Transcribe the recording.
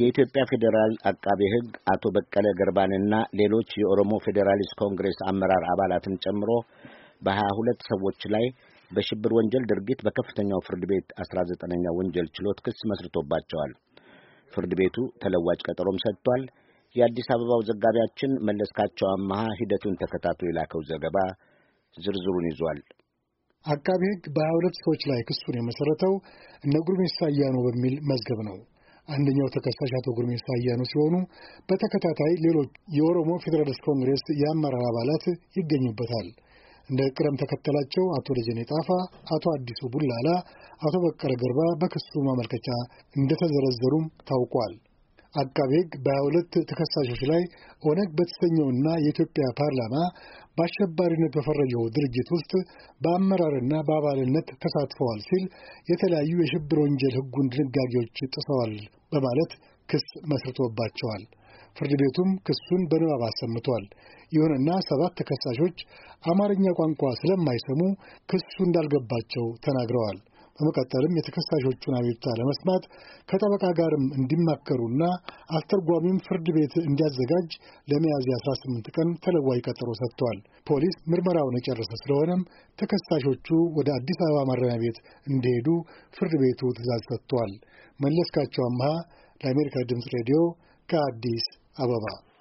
የኢትዮጵያ ፌዴራል አቃቤ ሕግ አቶ በቀለ ገርባንና ሌሎች የኦሮሞ ፌዴራሊስት ኮንግሬስ አመራር አባላትን ጨምሮ በሀያ ሁለት ሰዎች ላይ በሽብር ወንጀል ድርጊት በከፍተኛው ፍርድ ቤት አስራ ዘጠነኛ ወንጀል ችሎት ክስ መስርቶባቸዋል። ፍርድ ቤቱ ተለዋጭ ቀጠሮም ሰጥቷል። የአዲስ አበባው ዘጋቢያችን መለስካቸው አመሃ ሂደቱን ተከታትሎ የላከው ዘገባ ዝርዝሩን ይዟል። አቃቤ ሕግ በሀያ ሁለት ሰዎች ላይ ክሱን የመሰረተው እነ ጉርሜሳ አያኖ በሚል መዝገብ ነው። አንደኛው ተከሳሽ አቶ ጉርሜሳ አያኑ ሲሆኑ በተከታታይ ሌሎች የኦሮሞ ፌዴራሊስት ኮንግሬስ የአመራር አባላት ይገኙበታል። እንደ ቅደም ተከተላቸው አቶ ደጀኔ ጣፋ፣ አቶ አዲሱ ቡላላ፣ አቶ በቀለ ገርባ በክሱ ማመልከቻ እንደተዘረዘሩም ታውቋል። አቃቤ ሕግ በ ተከሳሾች ላይ ኦነግ በተሰኘውና የኢትዮጵያ ፓርላማ በአሸባሪነት በፈረጀው ድርጅት ውስጥ በአመራርና በአባልነት ተሳትፈዋል ሲል የተለያዩ የሽብር ወንጀል ሕጉን ድንጋጌዎች ጥሰዋል በማለት ክስ መስርቶባቸዋል። ፍርድ ቤቱም ክሱን በንባብ አሰምቷል። ይሁንና ሰባት ተከሳሾች አማርኛ ቋንቋ ስለማይሰሙ ክሱ እንዳልገባቸው ተናግረዋል። በመቀጠልም የተከሳሾቹን አቤቱታ ለመስማት ከጠበቃ ጋርም እንዲማከሩና አስተርጓሚም ፍርድ ቤት እንዲያዘጋጅ ለሚያዝያ 18 ቀን ተለዋጭ ቀጠሮ ሰጥቷል። ፖሊስ ምርመራውን የጨረሰ ስለሆነም ተከሳሾቹ ወደ አዲስ አበባ ማረሚያ ቤት እንዲሄዱ ፍርድ ቤቱ ትእዛዝ ሰጥቷል። መለስካቸው አምሃ ለአሜሪካ ድምፅ ሬዲዮ ከአዲስ አበባ